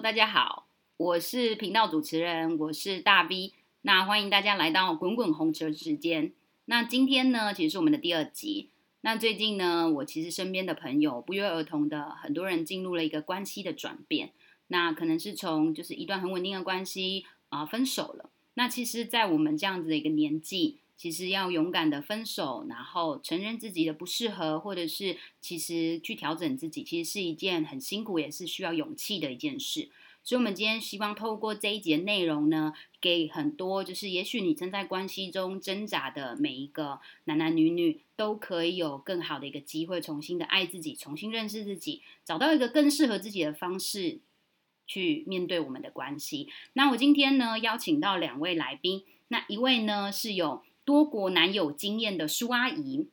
大家好，我是頻道主持人，我是大 V，那歡迎大家來到《滾滾紅塵》時間。那今天呢，其實是我們的第二集。那最近呢，我其實身邊的朋友不約而同的，很多人進入了一個關係的轉變。那可能是從就是一段很穩定的關係啊、呃，分手了。那其實，在我們這樣子的一個年紀。其實要勇敢的分手，然後承認自己的不適合，或者是其實去調整自己，其實是一件很辛苦，也是需要勇氣的一件事。所以，我們今天希望透過這一節內容呢，給很多就是也許你正在關係中掙扎的每一個男男女女，都可以有更好的一個機會，重新的愛自己，重新認識自己，找到一個更適合自己的方式去面對我們的關係。那我今天呢，邀請到兩位來賓，那一位呢是有多國男友經驗的蘇阿姨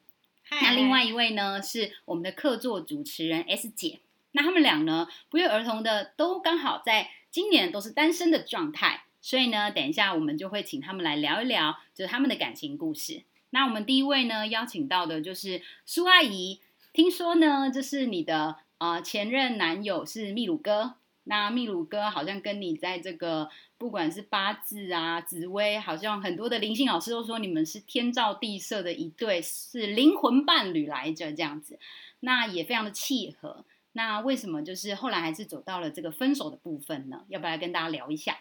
，Hi. 那另外一位呢是我們的客座主持人 S 姐。那他們倆呢不約而同的都剛好在今年都是單身的狀態，所以呢，等一下我們就會請他們來聊一聊，就是他們的感情故事。那我們第一位呢邀請到的就是蘇阿姨，聽說呢就是你的啊、呃、前任男友是秘魯哥。那秘魯哥好像跟你在這個不管是八字啊、紫微，好像很多的靈性老師都說你們是天造地設的一對，是靈魂伴侶來着，這樣子。那也非常的契合。那為什麼就是後來還是走到了這個分手的部分呢？要不要跟大家聊一下？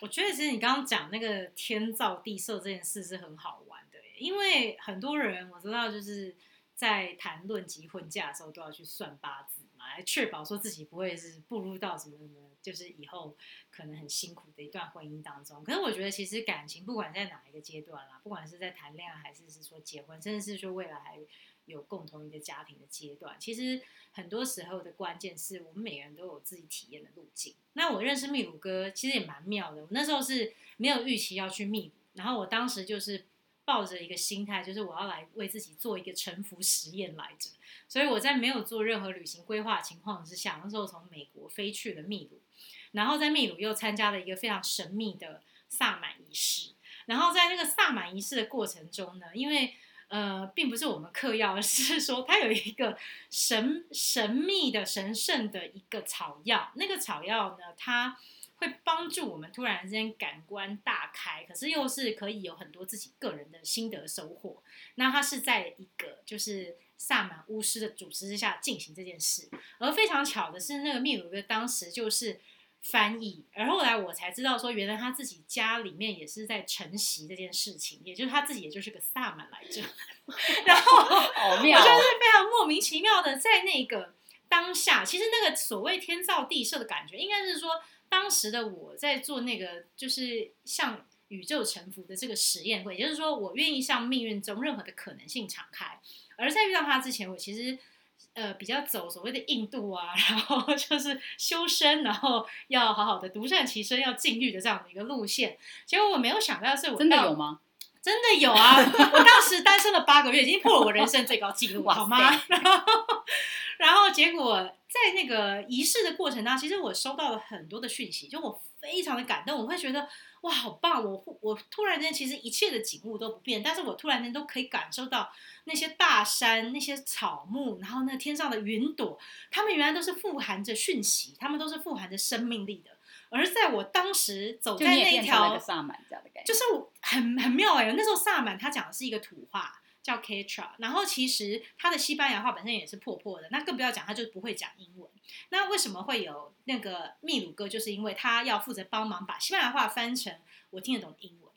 我覺得其實你剛剛講那個天造地設這件事是很好玩的，因為很多人我知道就是在談論及婚嫁的時候都要去算八字。來確保說自己不會是步入到什麼什麼，就是以後可能很辛苦的一段婚姻當中。可是我覺得，其實感情不管在哪一個階段啦、啊，不管是在談戀愛，還是是說結婚，甚至是說未來有共同一個家庭的階段，其實很多時候的關鍵是我們每個人都有自己體驗的路徑。那我認識秘魯哥，其實也蠻妙的。我那時候是沒有預期要去秘魯，然後我當時就是。抱着一個心態，就是我要來為自己做一個臣服實驗來着。所以我在沒有做任何旅行規劃情況之下，那時候從美國飛去了秘魯，然後在秘魯又參加了一個非常神秘的薩滿儀式。然後在那個薩滿儀式的過程中呢，因為呃，並不是我們嗑藥，而是說它有一個神神秘的、神聖的一個草藥。那個草藥呢，它，會幫助我們突然之間感官大開，可是又是可以有很多自己個人的心得收穫。那他是在一個就是薩滿巫師的組織之下進行這件事，而非常巧的是，那個秘魯哥當時就是翻譯，而後來我才知道說，原來他自己家裡面也是在承襲這件事情，也就是他自己也就是個薩滿來着。 然後好妙啊，我覺得是非常莫名其妙的，在那個當下，其實那個所謂天造地設的感覺，應該是說。當時的我在做那個，就是向宇宙臣服的這個實驗會，也就是說，我願意向命運中任何的可能性敞開。而在遇到他之前，我其實呃比較走所謂的印度啊，然後就是修身，然後要好好的獨善其身，要禁慾的這樣的一個路線。結果我沒有想到，是我真的有嗎？真的有啊！ 我當時單身了八個月，已經破了我人生最高紀錄啊， 好嗎？然後。然後結果在那個儀式的過程當中，其實我收到了很多的訊息，就我非常的感動，我會覺得哇好棒！我我突然間其實一切的景物都不變，但是我突然間都可以感受到那些大山、那些草木，然後那天上的雲朵，他們原來都是富含着訊息，他們都是富含着生命力的。而在我當時走在那條就，就是很很妙哎、欸，那時候薩滿他講的是一個土話。叫 Katra 然後，其實他的西班牙話本身也是破破的，那更不要講，他就不會講英文。那為什麼會有那個秘魯哥？就是因為他要負責幫忙把西班牙話翻成我聽得懂的英文。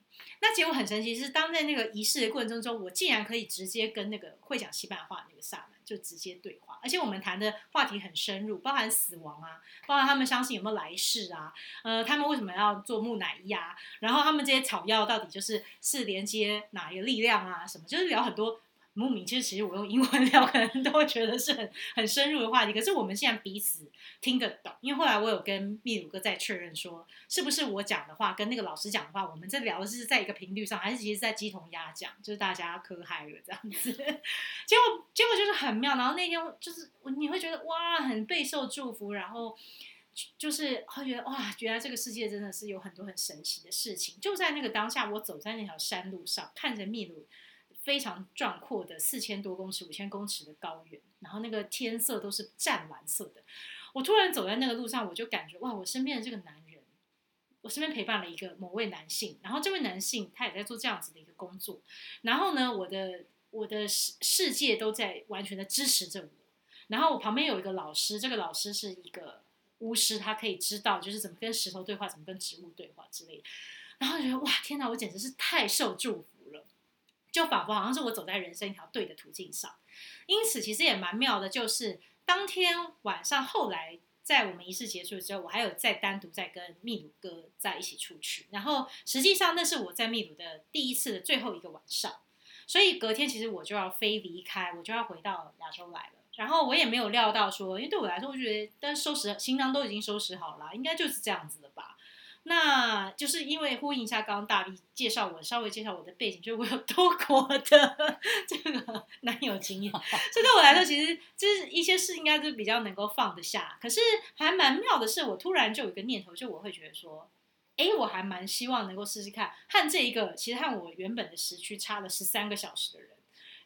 那結果很神奇是，是當在那個儀式的過程中，中我竟然可以直接跟那個會講西班牙話的那個薩滿就直接對話，而且我們談的話題很深入，包含死亡啊，包含他們相信有沒有來世啊，呃，他們為什麼要做木乃伊啊，然後他們這些草藥到底就是是連接哪一個力量啊，什麼，就是聊很多。莫名，其實其實我用英文聊，可能都會覺得是很很深入的話題。可是我們現在彼此聽得懂，因為後來我有跟秘魯哥在確認說，說是不是我講的話跟那個老師講的話，我們在聊的是在一個頻率上，還是其實在雞同鴨講，就是大家磕嗨了這樣子。結果結果就是很妙，然後那天就是你會覺得哇，很備受祝福，然後就、就是會覺得哇，原來這個世界真的是有很多很神奇的事情。就在那個當下，我走在那條山路上，看着秘魯。非常壯闊的四千多公尺、五千公尺的高原，然後那個天色都是湛藍色的。我突然走在那個路上，我就感覺哇，我身邊的這個男人，我身邊陪伴了一個某位男性，然後這位男性他也在做這樣子的一個工作。然後呢，我的我的世世界都在完全的支持着我。然後我旁邊有一個老師，這個老師是一個巫師，他可以知道就是怎麼跟石頭對話，怎麼跟植物對話之類的。然後覺得哇，天哪，我簡直是太受祝福。就仿佛好像是我走在人生一條對的途徑上，因此其實也蠻妙的。就是當天晚上，後來在我們儀式結束之後，我還有再單獨再跟秘魯哥在一起出去。然後實際上那是我在秘魯的第一次的最後一個晚上，所以隔天其實我就要飛離開，我就要回到亞洲來了。然後我也沒有料到說，因為對我來說，我覺得但收拾行囊都已經收拾好了，應該就是這樣子的吧。那就是因為呼應一下剛剛大 V 介紹我，稍微介紹我的背景，就是我有多國的這個男友經驗，這 對我來說其實就是一些事，應該是比較能夠放得下。可是還蠻妙的是，我突然就有一個念頭，就我會覺得說，哎，我還蠻希望能夠試試看和這一個其實和我原本的時區差了十三個小時的人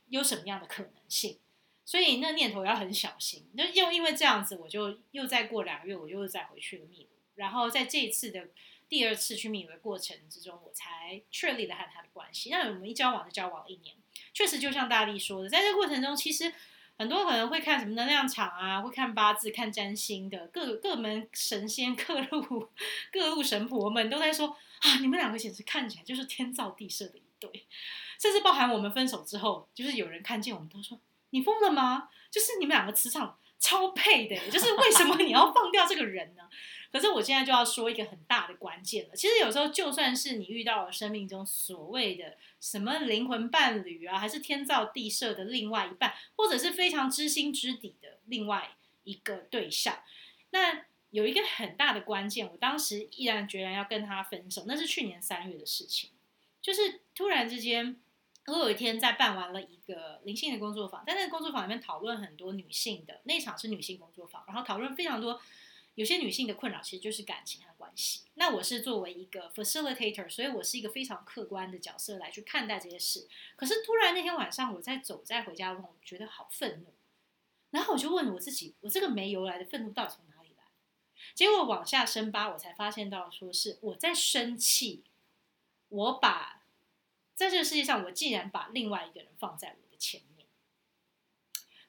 有什麼樣的可能性。所以那念頭要很小心。那又因為這樣子，我就又再過兩個月，我又再回去了秘魯。然後在這一次的第二次去 meeting 的過程之中，我才確立了和他的關係。那我們一交往就交往了一年，確實就像大力說的，在這過程中，其實很多人會看什麼能量場啊，會看八字、看占星的各各門神仙各路各路神婆們都在說啊，你們兩個簡直看起來就是天造地設的一對。甚至包含我們分手之後，就是有人看見我們都說你瘋了嗎？就是你們兩個磁場超配的，就是為什麼你要放掉這個人呢？ 可是我現在就要說一個很大的關鍵了。其實有時候就算是你遇到了生命中所謂的什麼靈魂伴侶啊，還是天造地設的另外一半，或者是非常知心知底的另外一個對象，那有一個很大的關鍵，我當時毅然決然要跟他分手。那是去年三月的事情，就是突然之間，我有一天在辦完了一個靈性的工作坊，但在那個工作坊裡面討論很多女性的那場是女性工作坊，然後討論非常多。有些女性的困擾，其實就是感情和關係。那我是作為一個 facilitator，所以我是一個非常客觀的角色來去看待這些事。可是突然那天晚上我在走在回家路，我覺得好憤怒。然後我就問我自己，我這個沒由來的憤怒到底從哪裡來？結果往下深扒，我才發現到說是我在生氣。我把在這個世界上，我竟然把另外一個人放在我的前面，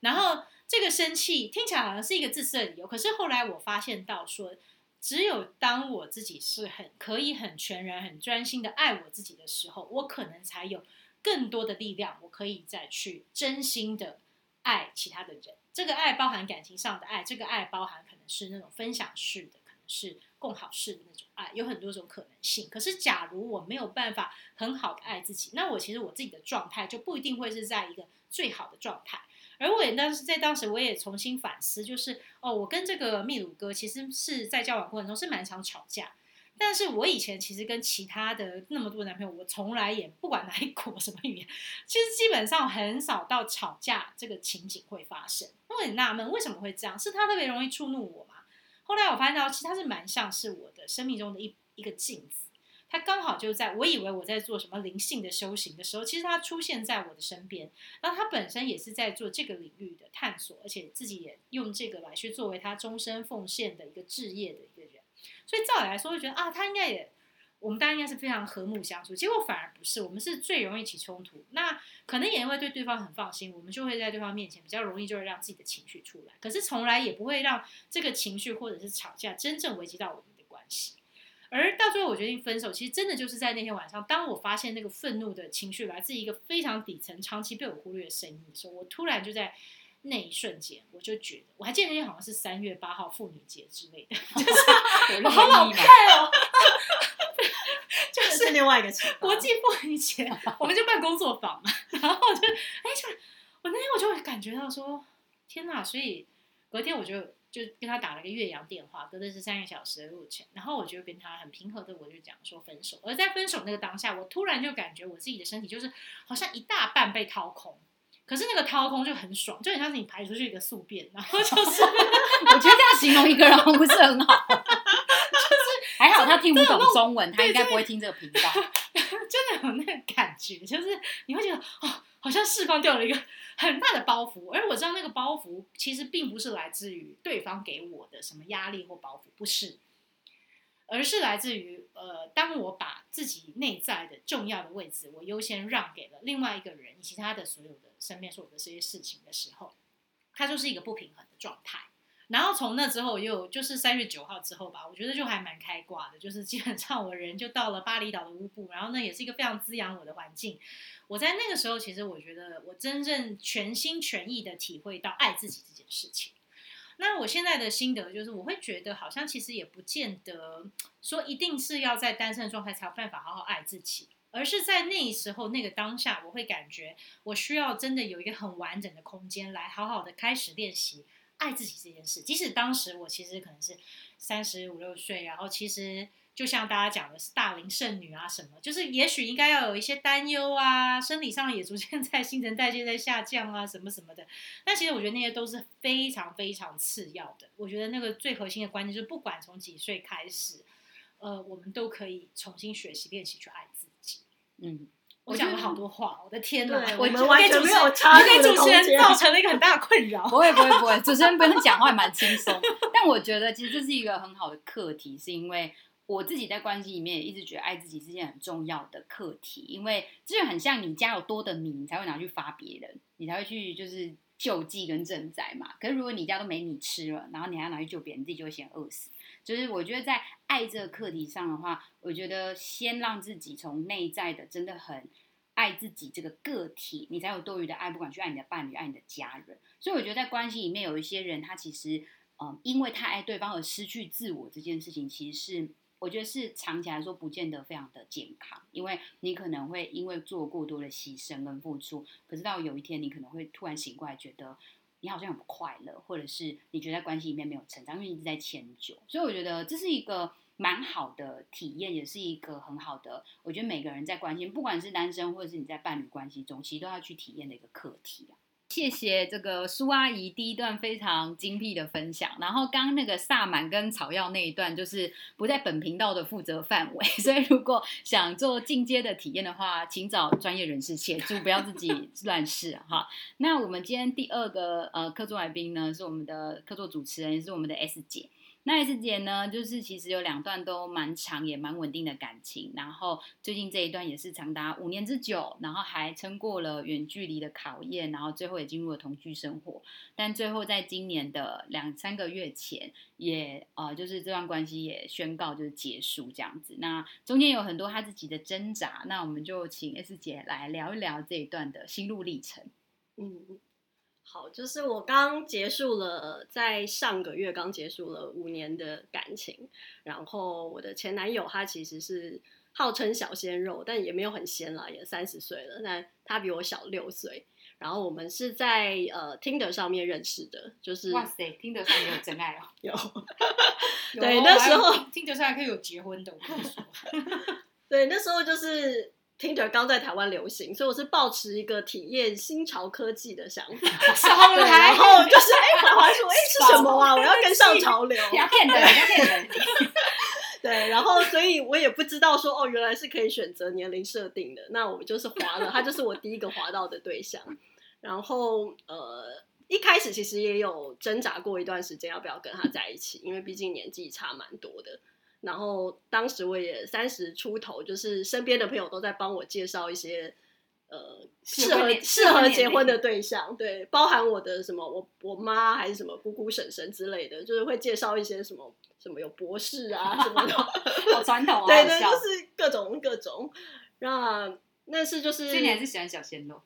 然後。這個生氣聽起來好像是一個自私的理由，可是後來我發現到說，只有當我自己是很可以很全然、很專心的愛我自己的時候，我可能才有更多的力量，我可以再去真心的愛其他的人。這個愛包含感情上的愛，這個愛包含可能是那種分享式的，可能是共好式的那種愛，有很多種可能性。可是假如我沒有辦法很好的愛自己，那我其實我自己的狀態就不一定會是在一個最好的狀態。而我也當時在當時，我也重新反思，就是哦，我跟這個秘魯哥其實是在交往過程中是蠻常吵架，但是我以前其實跟其他的那麼多男朋友，我從來也不管哪一國什麼語言，其實基本上很少到吵架這個情景會發生。我很納悶為什麼會這樣？是他特別容易觸怒我嗎？後來我發現到，其實他是蠻像是我的生命中的一一個鏡子。他剛好就在我以為我在做什麼靈性的修行的時候，其實他出現在我的身邊。然後他本身也是在做這個領域的探索，而且自己也用這個來去作為他終身奉獻的一個志業的一個人。所以照理來說，會覺得啊，他應該也我們大家應該是非常和睦相處。結果反而不是，我們是最容易起衝突。那可能也因為對對方很放心，我們就會在對方面前比較容易，就會讓自己的情緒出來。可是從來也不會讓這個情緒或者是吵架真正危及到我們的關係。而到最後，我決定分手，其實真的就是在那天晚上，當我發現那個憤怒的情緒來自一個非常底層、長期被我忽略的聲音的時候，我突然就在那一瞬間，我就覺得，我還記得那天好像是三月八號婦女節之類的， 就是好好看哦， 就是另外一個國際婦女節， 我們就辦工作坊嘛， 然後就哎，就、欸、我那天我就會感覺到說，天哪！所以隔天我就。就跟他打了個越洋電話，隔的是三個小時的路程，然後我就跟他很平和的，我就講說分手。而在分手那個當下，我突然就感覺我自己的身體就是好像一大半被掏空，可是那個掏空就很爽，就很像是你排出去一個宿便，然後就是 我覺得這樣形容一個人不是很好， 就是還好他聽不懂中文， 他應該不會聽這個頻道， 真的有那個感覺，就是你會覺得哦，好像釋放掉了一個。很大的包袱，而我知道那個包袱其實並不是來自於對方給我的什麼壓力或包袱，不是，而是來自於呃，當我把自己內在的重要的位置，我優先讓給了另外一個人以及他的所有的身邊所有的這些事情的時候，它就是一個不平衡的狀態。然後從那之後又就是三月九號之後吧，我覺得就還蠻開掛的，就是基本上我人就到了巴厘島的烏布，然後呢也是一個非常滋養我的環境。我在那個時候，其實我覺得我真正全心全意的體會到愛自己這件事情。那我現在的心得就是，我會覺得好像其實也不見得說一定是要在單身狀態才有辦法好好愛自己，而是在那時候那個當下，我會感覺我需要真的有一個很完整的空間來好好的開始練習。愛自己這件事，即使當時我其實可能是三十五六歲，然後其實就像大家講的是大齡剩女啊什麼，就是也許應該要有一些擔憂啊，生理上也逐漸在新陳代謝在下降啊什麼什麼的。但其實我覺得那些都是非常非常次要的。我覺得那個最核心的關鍵就是，不管從幾歲開始，呃，我們都可以重新學習練習去愛自己。嗯。我講了好多話，我的天哪、啊！我們完全我覺得沒有，我你給主持人造成了一個很大的困擾。 不會不會不會，主持人本身講話蠻輕鬆。 但我覺得其實這是一個很好的課題，是因為我自己在關係裡面也一直覺得愛自己是一件很重要的課題，因為這就很像你家有多的米，你才會拿去發別人，你才會去就是。救濟跟賑災嘛，可是如果你家都沒米吃了，然後你還要拿去救別人，你自己就會先餓死。就是我覺得在愛這個課題上的話，我覺得先讓自己從內在的真的很愛自己這個個體，你才有多餘的愛，不管去愛你的伴侶、愛你的家人。所以我覺得在關係裡面有一些人，他其實，嗯，因為太愛對方而失去自我這件事情，其實是。我覺得是長期來，來說不見得非常的健康，因為你可能會因為做過多的犧牲跟付出，可是到有一天你可能會突然醒過來，覺得你好像很快樂，或者是你覺得在關係裡面沒有成長，因為一直在遷就。所以我覺得這是一個蠻好的體驗，也是一個很好的，我覺得每個人在關係，不管是單身或者是你在伴侶關係中，其實都要去體驗的一個課題啊。謝謝這個蘇阿姨第一段非常精闢的分享，然後剛剛那個薩滿跟草藥那一段就是不在本頻道的負責範圍，所以如果想做進階的體驗的話，請找專業人士協助，不要自己亂試哈。 那我們今天第二個呃客座來賓呢，是我們的客座主持人，也是我們的 S 姐。那 S 姐呢，就是其實有兩段都蠻長也蠻穩定的感情，然後最近這一段也是長達五年之久，然後還撐過了遠距離的考驗，然後最後也進入了同居生活，但最後在今年的兩三個月前，也呃就是這段關係也宣告就是結束這樣子。那中間有很多她自己的掙扎，那我們就請 S 姐來聊一聊這一段的心路歷程。嗯嗯。好，就是我剛結束了，在上個月剛結束了五年的感情。然後我的前男友他其實是號稱小鮮肉，但也沒有很鮮啦，也三十歲了。那他比我小六歲。然後我們是在呃 Tinder 上面認識的，就是哇塞，Tinder 上也有真愛哦，啊， 有， 有。對，那時候 Tinder 上還可以有結婚的，我跟你說。 對，那時候就是。Tinder 剛在台灣流行，所以我是抱持一個體驗新潮科技的想法， 然後就是哎，滑 滑說哎，是什麼啊？我要跟上潮流，要騙人，要騙人。 對，然後所以我也不知道說哦，原來是可以選擇年齡設定的。那我就是滑了，他就是我第一個滑到的對象。 然後呃，一開始其實也有掙扎過一段時間要不要跟他在一起，因為畢竟年紀差蠻多的。然後當時我也三十出頭，就是身邊的朋友都在幫我介紹一些，呃，適合適合結婚的對象，對，包含我的什麼我我媽還是什麼姑姑嬸嬸之類的，就是會介紹一些什麼什麼有博士啊什麼的，好傳統啊，對對，就是各種各種，各種那那是就是，所以你還是喜歡小鮮肉，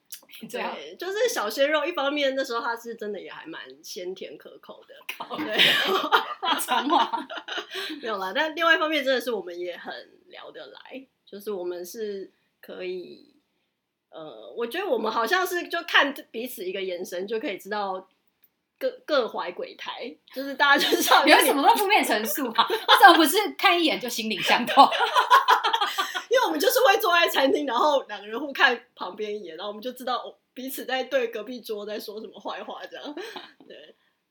對，就是小鮮肉。一方面，那時候他是真的也還蠻鮮甜可口的， 對， 長話 沒有啦，但另外一方面，真的是我們也很聊得來，就是我們是可以，呃，我覺得我們好像是就看彼此一個眼神就可以知道。各各懷鬼胎，就是大家就知道有點什麼負面陳述啊，這 麼不是看一眼就心靈相通， 因為我們就就是會坐在餐廳，然後兩個人互看旁邊一眼，然後我們就知道彼此在對隔壁桌在說什麼壞話這樣。對，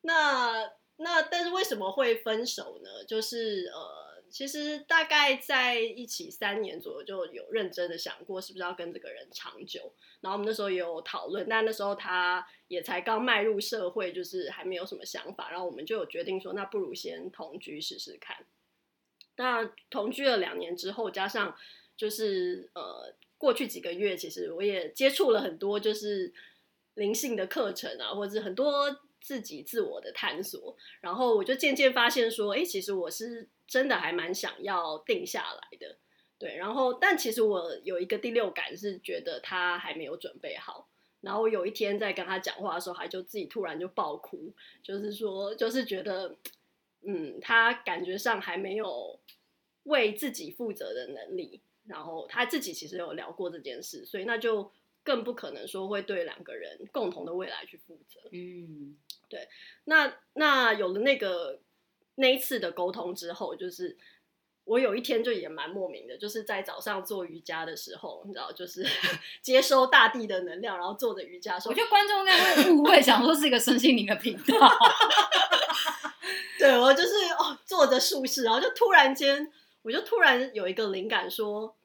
那那但是為什麼會分手呢？就是呃。其實大概在一起三年左右，就有認真的想過是不是要跟這個人長久。然後我們那時候也有討論，但那時候他也才剛邁入社會，就是還沒有什麼想法。然後我們就有決定說，那不如先同居試試看。那同居了兩年之後，加上就是呃過去幾個月，其實我也接觸了很多就是靈性的課程啊，或者是很多自己自我的探索。然後我就漸漸發現說，誒，其實我是。真的還蠻想要定下來的，對，然後但其實我有一個第六感是覺得他還沒有準備好。然後有一天在跟他講話的時候，還就自己突然就爆哭，就是說就是覺得，嗯，他感覺上還沒有為自己負責的能力。然後他自己其實有聊過這件事，所以那就更不可能說會對兩個人共同的未來去負責。嗯，對，那那有了那個。那一次的溝通之後，就是我有一天就也蠻莫名的，就是在早上做瑜伽的時候，你知道，就是接收大地的能量，然後做的瑜伽說，說 我覺得觀眾應該會誤會，想說是一個身心靈的頻道。對，我就是哦，做着舒適然後就突然間，我就突然有一個靈感說，說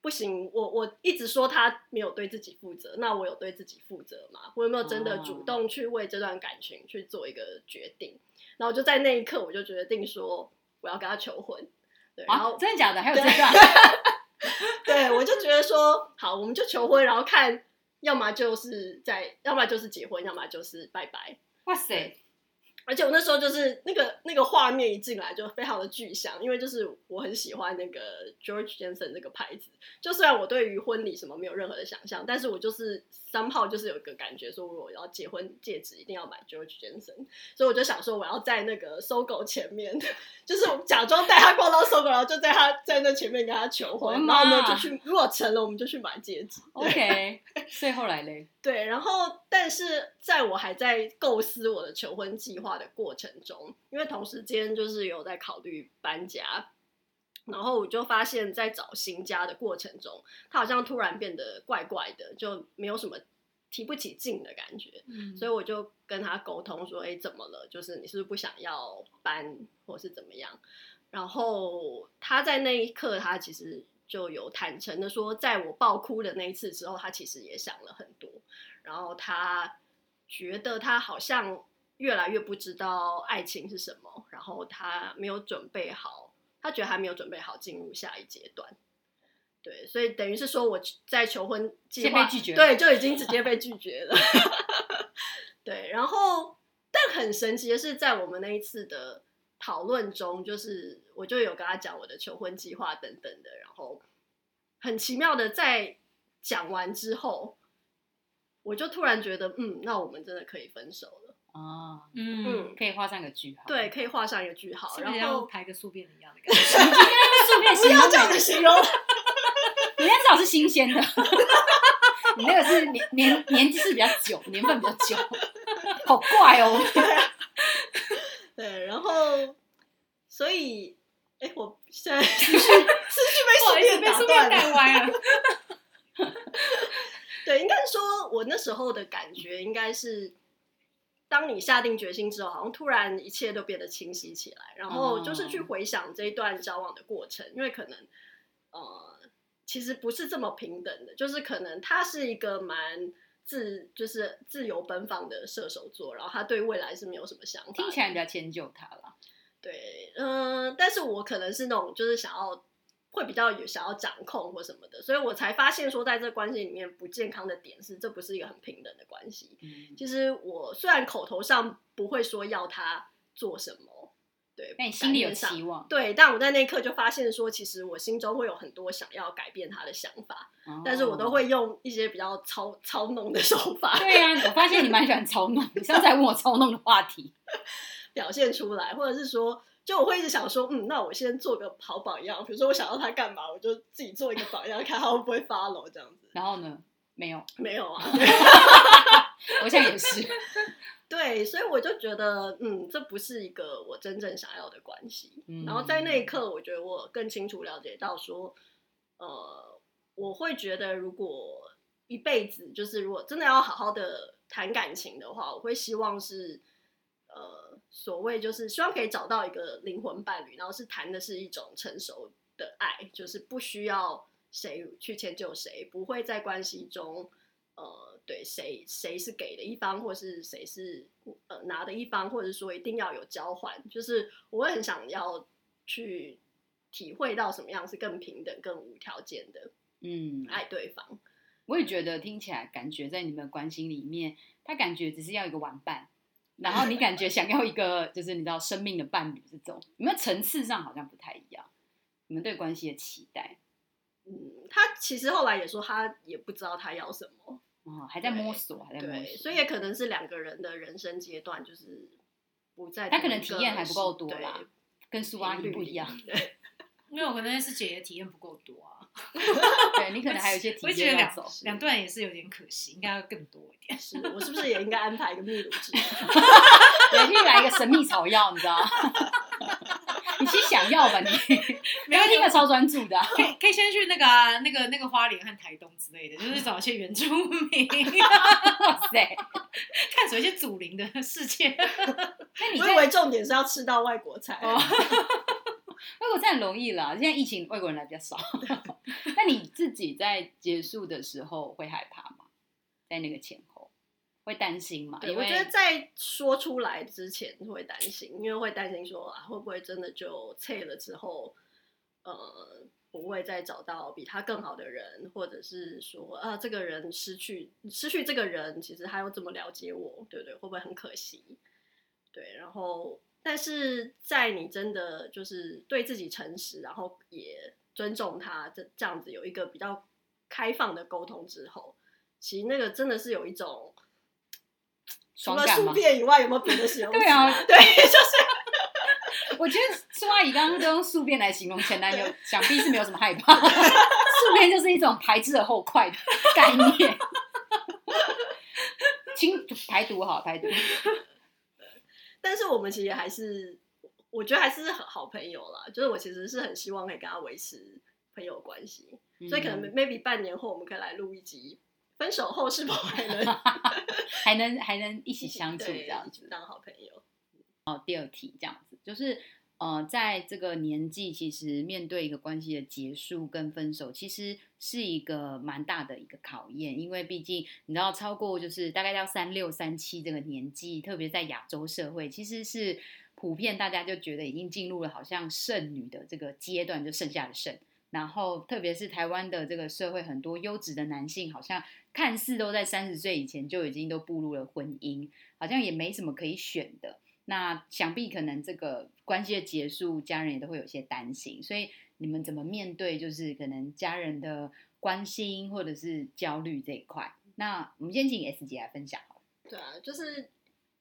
不行，我我一直說他沒有對自己負責，那我有對自己負責嗎？我有沒有真的主動去為這段感情去做一個決定？然後就在那一刻，我就決定說我要跟他求婚。對，啊、然後真的假的？還有這段？對， 對我就覺得說好，我們就求婚，然後看，要麼就是在，要麼就是結婚，要麼就是拜拜。哇塞！而且我那時候就是那個那個畫面一進來就非常的具象，因為就是我很喜歡那個 Georg Jensen 那個牌子，就雖然我對於婚禮什麼沒有任何的想象，但是我就是。Somehow 就是有一個感覺，說我要結婚戒指，一定要買 George Jensen，所以我就想說，我要在那個 SOGO 前面，就是假裝帶他逛到 SOGO，然後就在他在那前面跟他求婚，oh, 然後呢、ma. 就去，如果成了，我們就去買戒指。OK，所以後來嘞，對，然後但是在我還在構思我的求婚計劃的過程中，因為同時間就是有在考慮搬家。然後我就發現，在找新家的過程中，他好像突然變得怪怪的，就沒有什麼提不起勁的感覺。嗯，所以我就跟他溝通說：“誒，哎，怎麼了？就是你是不是不想要搬，或是怎麼樣？”然後他在那一刻，他其實就有坦誠的說，在我爆哭的那一次之後，他其實也想了很多。然後他覺得他好像越來越不知道愛情是什麼，然後他沒有準備好。他覺得還沒有準備好進入下一階段，對，所以等於是說我在求婚計劃被拒絕，對，就已經直接被拒絕了。 對，然後但很神奇的是，在我們那一次的討論中，就是我就有跟他講我的求婚計劃等等的，然後很奇妙的在講完之後，我就突然覺得，嗯，那我們真的可以分手了。哦、嗯，嗯，可以畫上一個句號。對，可以畫上一個句號，然後拍個宿便一樣的感覺。 你應該用宿便形不要這樣子形容。明 天至少是新鮮的。 你那個是年 年年紀是比較久，年份比較久， 好怪哦、喔。對，啊對啊，然後，所以，哎，我現在思緒 被宿便帶歪了。 對，應該說，我那時候的感覺應該是。當你下定決心之後，好像突然一切都變得清晰起來。然後就是去回想這一段交往的過程，因為可能，呃，其實不是這麼平等的，就是可能他是一個蠻自，就是自由奔放的射手座，然後他對未來是沒有什麼想法，聽起來人家遷就他了。對，嗯、呃，但是我可能是那種就是想要。會比較有想要掌控或什麼的，所以我才發現說，在這關係裡面不健康的點是，這不是一個很平等的關係，嗯。其實我雖然口頭上不會說要他做什麼，對，但心裡有希望，對，但我在那一刻就發現說，其實我心中會有很多想要改變他的想法，哦，但是我都會用一些比較操、操弄的手法。哦，對啊，我發現你蠻喜歡操弄， 你剛才問我操弄的話題，表現出來，或者是說。就我會一直想說，嗯，那我先做個好榜樣。比如說，我想要他幹嘛，我就自己做一個榜樣， 看他會不會 follow 這樣子。然後呢？沒有，沒有啊。 我現在也是。對，所以我就覺得，嗯，這不是一個我真正想要的關係。嗯。然後在那一刻，我覺得我更清楚了解到說，呃，我會覺得，如果一輩子就是如果真的要好好的談感情的話，我會希望是，呃。所謂就是希望可以找到一個靈魂伴侶，然後是談的是一種成熟的愛，就是不需要誰去遷就誰，不會在關係中，呃，對誰誰是給的一方，或是誰是呃拿的一方，或者說一定要有交換，就是我很想要去體會到什麼樣是更平等、更無條件的，嗯，愛對方。我也覺得聽起來感覺在你們關係裡面，他感覺只是要一個玩伴。然後你感覺想要一個，就是你知道生命的伴侶這種，你們層次上好像不太一樣，你們對關係的期待。嗯，他其實後來也說他也不知道他要什麼。哦，還在摸索。對，還在摸索，所以也可能是兩個人的人生階段就是不在，他可能體驗還不夠多吧，跟蘇阿姨不一樣。因為我可能是姐姐體驗不夠多啊， 對，你可能還有一些體驗要走，兩段也是有點可惜，應該要更多一點是。我是不是也應該安排一個秘魯？可以來一個神秘草藥，你知道？ 你先想要吧，你、 啊、沒有聽過超專注的，可以可以先去那個、啊、那個那個花蓮和台東之類的，就是找一些原住民， 看探一些祖靈的世界。 那你認為重點是要吃到外國菜。 哦如果太容易了。現在疫情外國人來比較少。那你自己在結束的時候會害怕嗎？在那個前後會擔心嗎？我覺得在說出來之前會擔心，因為會擔心說啊，會不會真的就退了之後，呃，不會再找到比他更好的人，或者是說啊，這個人失去失去這個人，其實他又這麼了解我，對不對？會不會很可惜？對，然後。但是在你真的就是對自己誠實，然後也尊重他，這這樣子有一個比較開放的溝通之後，其實那個真的是有一種除了宿便以外有沒有別的形容？ 對啊，對，就是我覺得蘇阿姨剛剛都用宿便來形容前男友，想必是沒有什麼害怕。宿 便就是一種排之而後快的概念， 清排毒，好排毒。但是我們其實還是，我覺得還是好好朋友啦。就是我其實是很希望可以跟他維持朋友關係，嗯，所以可能 maybe 半年後我們可以來錄一集，分手後是否還能 還能還能一起相處這樣子，當好朋友。哦，第二題這樣子，就是。呃，在這個年紀，其實面對一個關係的結束跟分手，其實是一個蠻大的一個考驗，因為畢竟你知道，超過就是大概到三六三七這個年紀，特別在亞洲社會，其實是普遍大家就覺得已經進入了好像剩女的這個階段，就剩下的剩。然後特別是台灣的這個社會，很多優質的男性好像看似都在三十歲以前就已經都步入了婚姻，好像也沒什麼可以選的。那想必可能這個關係的結束，家人也都會有些擔心，所以你們怎麼面對就是可能家人的關心或者是焦慮這一塊？那我們先請 S 姐來分享。哦，對啊，就是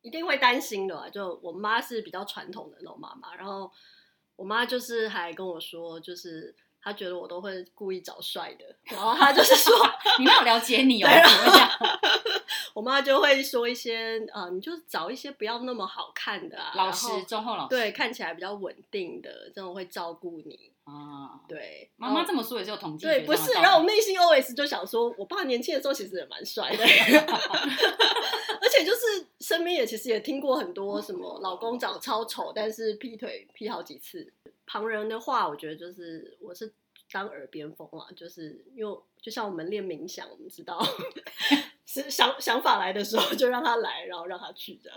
一定會擔心的。啊，就我媽是比較傳統的那種媽媽，然後我媽就是還跟我說，就是她覺得我都會故意找帥的，然後她就是說， 你沒有了解你哦， 怎麼樣？ 我媽就會說一些啊，你就找一些不要那麼好看的，啊，老，後後後老實忠厚老實對，看起來比較穩定的這種會照顧你啊。對，媽媽這麼說也是有統計。對，不是，然後我內心 OS 就想說，我爸年輕的時候其實也蠻帥的， 而且就是身邊也其實也聽過很多什麼老公長超醜，但是劈腿劈好幾次。旁人的話，我覺得就是我是當耳邊風啊，就是因為就像我們練冥想，我們知道。 是想想法來的時候就讓他來，然後讓他去這樣。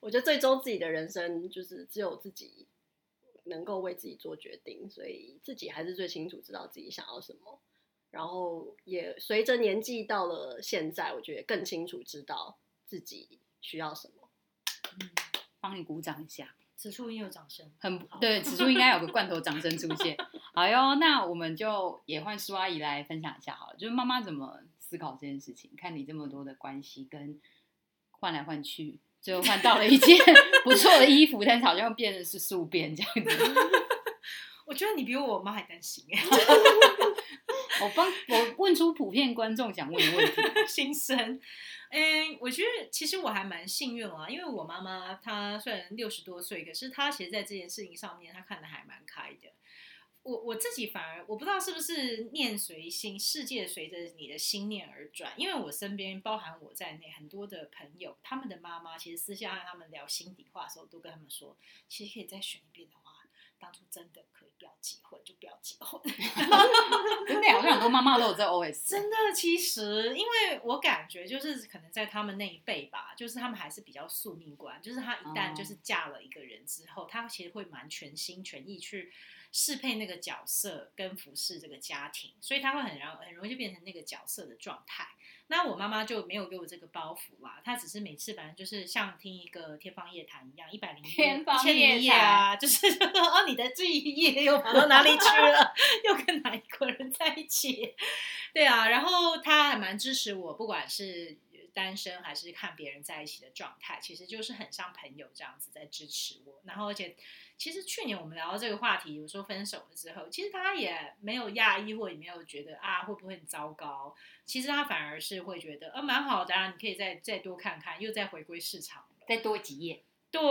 我覺得最終自己的人生就是只有自己能夠為自己做決定，所以自己還是最清楚知道自己想要什麼。然後也隨着年紀到了現在，我覺得更清楚知道自己需要什麼。嗯，幫你鼓掌一下。此處應有掌聲。很好對，此處應該有個罐頭掌聲出現。哎 呦，那我們就也換蘇阿姨來分享一下好了，就是媽媽怎麼。思考這件事情，看你這麼多的關係跟換來換去，最後換到了一件不錯的衣服，但是好像變的是素邊這樣子。我覺得你比我媽還擔心 我幫我問出普遍觀眾想問的問題，心聲。嗯、欸，我覺得其實我還蠻幸運啊，因為我媽媽她雖然六十多歲，可是她其實在這件事情上面，她看得還蠻開的。我我自己反而我不知道是不是念隨心，世界隨着你的心念而轉。因為我身邊包含我在內很多的朋友，他們的媽媽其實私下和他們聊心底話的時候，都跟他們說，其實可以再選一遍的話，當初真的可以不要結婚，就不要結婚。真的，好像很多媽媽都有在 OS。真的，其實因為我感覺就是可能在他們那一輩吧，就是他們還是比較宿命觀，就是他一旦就是嫁了一個人之後，嗯、他其實會蠻全心全意去。適配那個角色跟服侍這個家庭，所以她會很容很容易就變成那個角色的狀態。那我媽媽就沒有給我這個包袱啦，她只是每次反正就是像聽一個天方夜譚一樣，一百零一天方夜譚啊夜，就是說哦，你的這一頁又跑到哪裡去了， 又跟哪一個人在一起？對啊，然後她還蠻支持我，不管是單身還是看別人在一起的狀態，其實就是很像朋友這樣子在支持我。然後而且。其實去年我們聊到這個話題，有說分手了之後，其實他也沒有訝異，或也沒有覺得啊會不會很糟糕。其實他反而是會覺得，呃、啊，蠻好的，啊、你可以再再多看看，又再回歸市場，再多幾頁。對，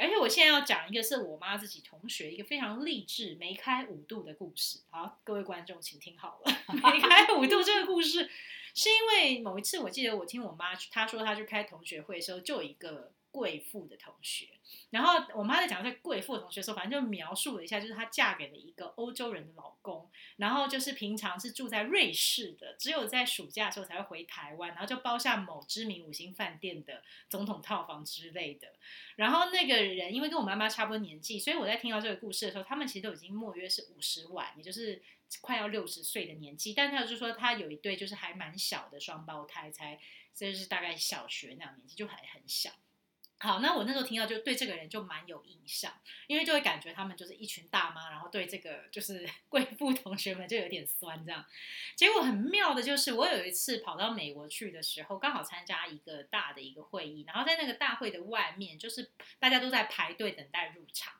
而且我現在要講一個是我媽自己同學一個非常勵志梅開五度的故事。好，各位觀眾請聽好了，梅開五度這個故事， 是因為某一次我記得我聽我媽她說她去開同學會的時候，就有一個貴婦的同學。然後我媽在講這貴婦的同學的時候，反正就描述了一下，就是她嫁給了一個歐洲人的老公，然後就是平常是住在瑞士的，只有在暑假的時候才會回台灣，然後就包下某知名五星飯店的總統套房之類的。然後那個人因為跟我媽媽差不多年紀，所以我在聽到這個故事的時候，他們其實都已經莫約是五十晚，也就是快要六十歲的年紀。但她就說她有一對就是還蠻小的雙胞胎，才所以是大概小學那樣年紀就還很小。好，那我那時候聽到就對這個人就蠻有印象，因為就會感覺他們就是一群大媽，然後對這個就是貴婦同學們就有點酸這樣。結果很妙的就是，我有一次跑到美國去的時候，剛好參加一個大的一個會議，然後在那個大會的外面，就是大家都在排隊等待入場。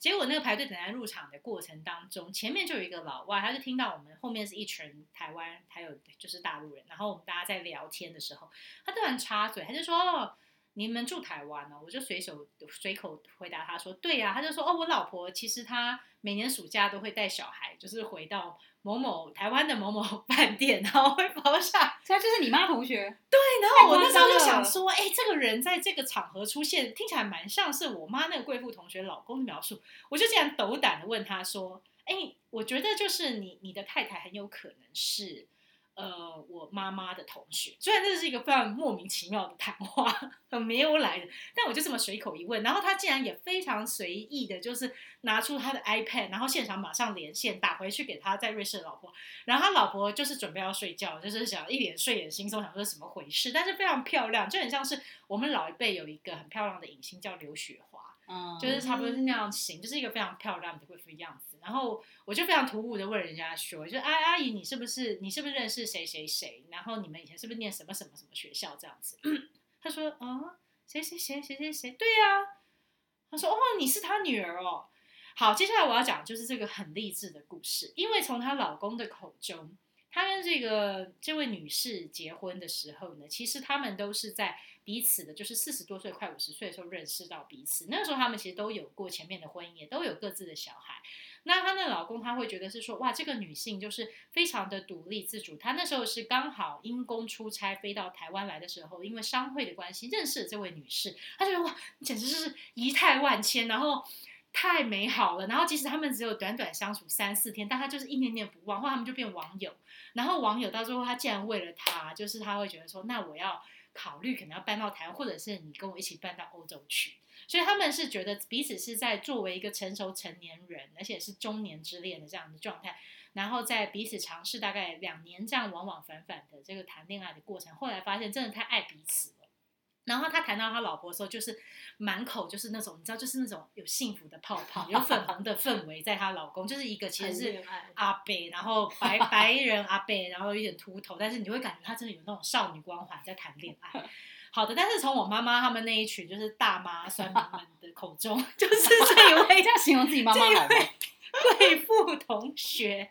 結果那個排隊等待入場的過程當中，前面就有一個老外，他就聽到我們後面是一群台灣還有就是大陸人，然後我們大家在聊天的時候，他突然插嘴，他就說。你們住台灣呢、哦？我就隨手隨口回答他說：“對啊。”他就說：“哦，我老婆其實她每年暑假都會帶小孩，就是回到某某台灣的某某飯店，然後會包下。”他就是你媽同學。對，然後我那時候就想說：“哎、欸，這個人在這個場合出現，聽起來蠻像是我媽那個貴婦同學老公的描述。”我就這樣斗膽的問他說：“哎、欸，我覺得就是你你的太太很有可能是。”呃，我媽媽的同學，雖然這是一個非常莫名其妙的談話，很沒有來的。但我就這麼隨口一問，然後他竟然也非常隨意的，就是拿出他的 iPad，然後現場馬上連線打回去給他在瑞士的老婆，然後他老婆就是準備要睡覺，就是想一臉睡眼惺忪，想說怎麼回事，但是非常漂亮，就很像是我們老一輩有一個很漂亮的影星叫劉雪華。 就是差不多是那樣行，就是一個非常漂亮的貴婦樣子。然後我就非常突兀的問人家說，就是、啊阿姨，你是不是你是不是認識誰誰誰？然後你們以前是不是念什麼什麼什麼學校這樣子？她 說、哦、誰誰誰誰誰誰啊，誰誰誰誰誰誰，對呀。她說哦，你是她女兒哦。好，接下來我要講的就是這個很勵志的故事，因為從她老公的口中，她跟這個這位女士結婚的時候呢，其實他們都是在。彼此的，就是四十多歲快五十歲的時候認識到彼此。那個時候他們其實都有過前面的婚姻也，也都有各自的小孩。那她的老公他會覺得是說，哇，這個女性就是非常的獨立自主。她那時候是剛好因公出差飛到台灣來的時候，因為商會的關係認識了這位女士。她覺得哇，簡直是儀態萬千，然後太美好了。然後即使他們只有短短相處三四天，但她就是念念不忘。後來他們就變網友，然後網友到最後，她竟然為了她，就是她會覺得說，那我要。考慮可能要搬到台灣，或者是你跟我一起搬到歐洲去。所以他們是覺得彼此是在作為一個成熟成年人，而且是中年之戀的這樣的狀態，然後在彼此嘗試大概兩年這樣往往返返的這個談戀愛的過程，後來發現真的太愛彼此了。然後他談到他老婆的時候，就是滿口就是那種你知道，就是那種有幸福的泡泡，有粉紅的氛圍。在他老公就是一個其實是阿北，然後白白人阿北，然後有點禿頭，但是你會感覺他真的有那種少女光環在談戀愛。好的，但是從我媽媽他們那一群就是大媽酸媽媽的口中，就是這一位這樣形容自己媽媽，這位貴婦同學，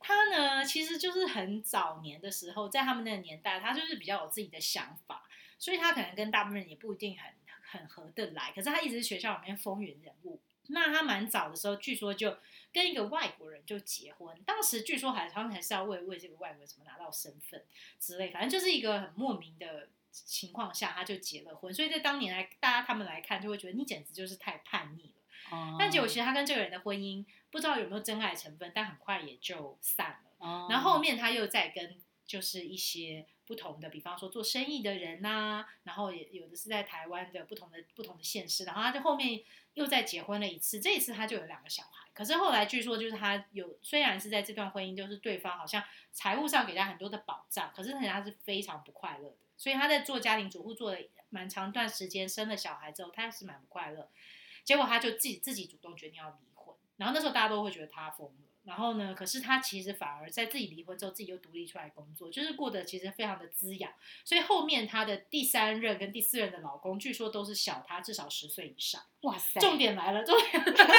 她呢其實就是很早年的時候，在他們那個年代，她就是比較有自己的想法。所以他可能跟大部分人也不一定很很合得來，可是他一直是學校裡面風雲人物。那他蠻早的時候，據說就跟一個外國人就結婚，當時據說好像還是要為為這個外國人怎麼拿到身份之類，反正就是一個很莫名的情況下他就結了婚。所以在當年來大家他們來看就會覺得你簡直就是太叛逆了。哦、嗯。但結果其實他跟這個人的婚姻不知道有沒有真愛成分，但很快也就散了、嗯。然後後面他又再跟就是一些。不同的，比方說做生意的人吶、啊，然後也有的是在台灣的不同的不同的縣市，然後他在後面又再結婚了一次，這一次他就有兩個小孩，可是後來據說就是他有雖然是在這段婚姻，就是對方好像財務上給他很多的保障，可是人家是非常不快樂的，所以他在做家庭主婦做了蠻長一段時間，生了小孩之後，他還是蠻不快樂，結果他就自己自己主動決定要離。然後那時候大家都會覺得他瘋了，然後呢，可是他其實反而在自己離婚之後自己又獨立出來工作，就是過得其實非常的滋養。所以後面他的第三任跟第四任的老公據說都是小他至少十歲以上。哇塞！重點來了，重點來了，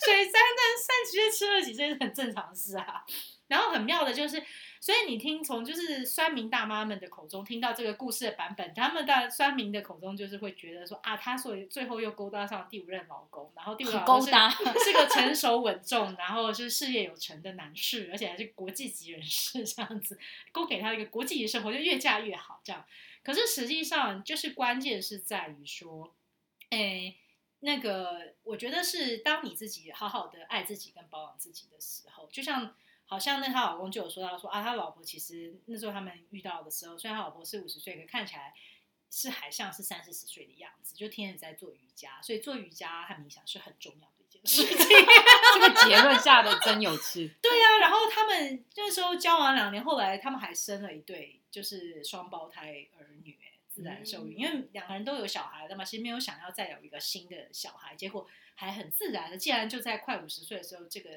所 以 三任三十歲吃了幾歲是很正常的事啊。然後很妙的就是。所以你聽從就是酸民大媽們的口中聽到這個故事的版本，他們的酸民的口中就是會覺得說啊，她所以最後又勾搭上第五任老公，然後第五老公是是個成熟穩重， 然後就是事業有成的男士，而且還是國際級人士這樣子，供給他一個國際級生活，就越嫁越好這樣。可是實際上就是關鍵是在於說，誒，那個我覺得是當你自己好好的愛自己跟保養自己的時候，就像。好像那他老公就有說到說啊，他老婆其實那時候他們遇到的時候，雖然她老婆是五十歲，可看起來是還像是三四十歲的樣子，就天天在做瑜伽，所以做瑜伽很明顯是很重要的一件事情。 這個結論下的真有趣。對呀、啊，然後他們那時候交往兩年，後來他們還生了一對就是雙胞胎兒女，自然受孕、嗯，因為兩個人都有小孩了嘛，其實沒有想要再有一個新的小孩，結果還很自然的，竟然就在快五十歲的時候這個。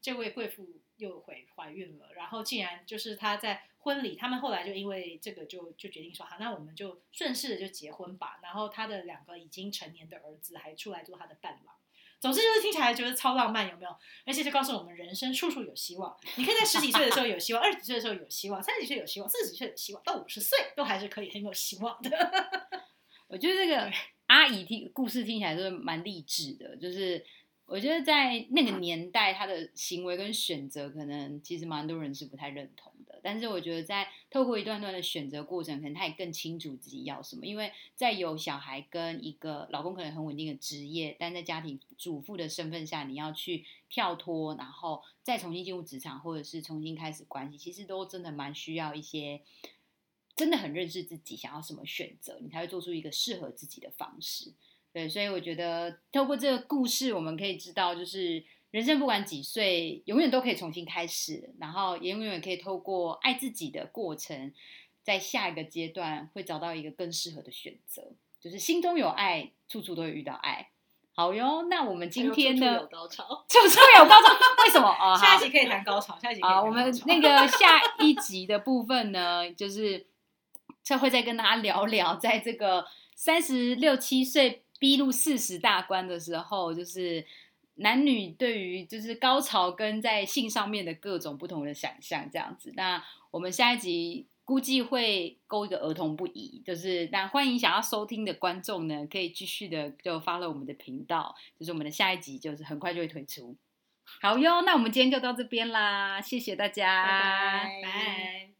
這位貴婦又回懷孕了，然後竟然就是她在婚禮，他們後來就因為這個就就決定說好，那我們就順勢的就結婚吧。然後他的兩個已經成年的兒子還出來做他的伴郎。總之就是聽起來覺得超浪漫，有沒有？而且就告訴我們人生處處有希望。你可以在十幾歲的時候有希望，二 十歲的時候有希望，三十歲有希望，四十歲有希望，到五十歲都還是可以很有希望的。 我覺得這個阿姨聽故事聽起來就是蠻勵志的，就是。我覺得在那個年代，他的行為跟選擇可能其實蠻多人是不太認同的。但是我覺得在透過一段段的選擇過程，可能他也更清楚自己要什麼。因為在有小孩跟一個老公可能很穩定的職業，但在家庭主婦的身份下，你要去跳脫，然後再重新進入職場，或者是重新開始關係，其實都真的蠻需要一些，真的很認識自己想要什麼選擇，你才會做出一個適合自己的方式。對，所以我覺得透過這個故事，我們可以知道，就是人生不管幾歲，永遠都可以重新開始，然後也永遠可以透過愛自己的過程，在下一個階段會找到一個更適合的選擇。就是心中有愛，處處都會遇到愛。好喲，那我們今天呢？高、哎、潮，處處有高潮。處處 為什麼啊、哦？下一集可以談高潮，嗯、下一集啊，哦、 我們那個下一集的部分呢， 就是將會再跟大家聊聊，在這個三十六七歲。逼入四十大關的時候，就是男女對於就是高潮跟在性上面的各種不同的想象這樣子。那我們下一集估計會勾一個兒童不宜，就是那歡迎想要收聽的觀眾呢，可以繼續的就 follow 我們的頻道，就是我們的下一集就是很快就會推出。好喲，那我們今天就到這邊啦，謝謝大家，拜拜。Bye.